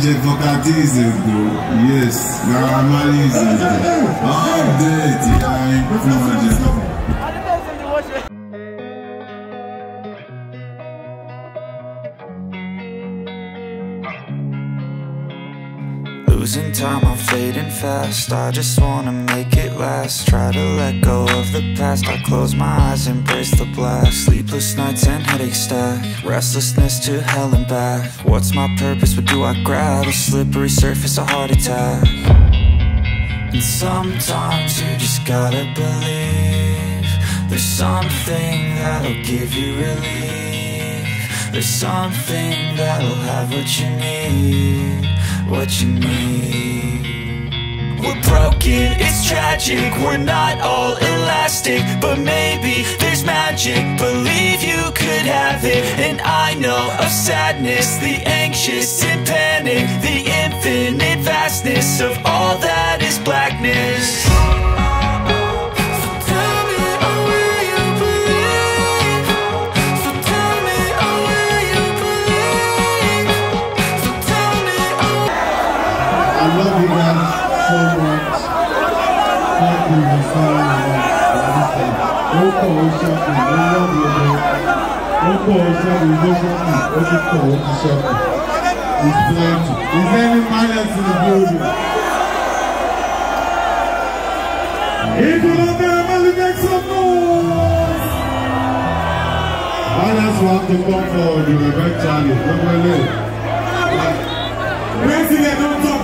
DJ Booker is a go. Yes, Naramali is a go. All day, I ain't Losing time, I'm fading fast I just wanna make it last Try to let go of the past I close my eyes, embrace the blast Sleepless nights and headache stack Restlessness to hell and back What's my purpose, what do I grab? A slippery surface, a heart attack And sometimes you just gotta believe There's something that'll give you relief There's something that'll have what you need what you need We're broken, it's tragic We're not all elastic But maybe there's magic Believe you could have it And I know of sadness The anxious and panic The infinite vastness of all that ó kọ̀ ó make some noise. Others will have to come forward in a great challenge. Don't worry. President don talk